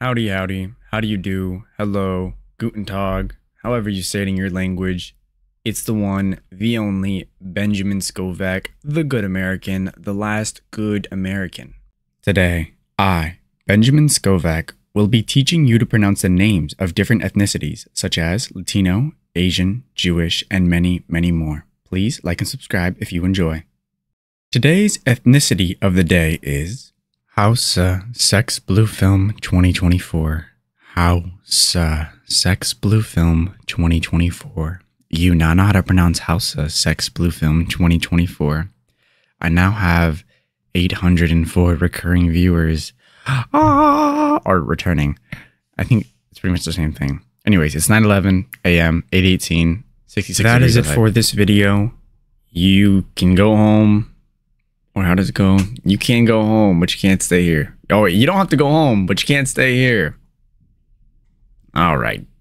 howdy howdy, how do you do, hello, guten tag, however you say it in your language. It's the one, the only, Benjamin Skovac, the good American, the last good American. Today, I, Benjamin Skovac, will be teaching you to pronounce the names of different ethnicities, such as Latino, Asian, Jewish, and many, many more. Please like and subscribe if you enjoy. Today's ethnicity of the day is Hausa uh, Sex Blue Film 2024. Hausa uh, Sex Blue Film 2024. You now know how to pronounce Hausa uh, Sex Blue Film 2024. I now have 804 recurring viewers ah, are returning. I think it's pretty much the same thing. Anyways, it's 9:11 a.m. 8:18 66. That is it for this video. You can go home or how does it go? You can go home, but you can't stay here. Oh, wait, you don't have to go home, but you can't stay here. All right.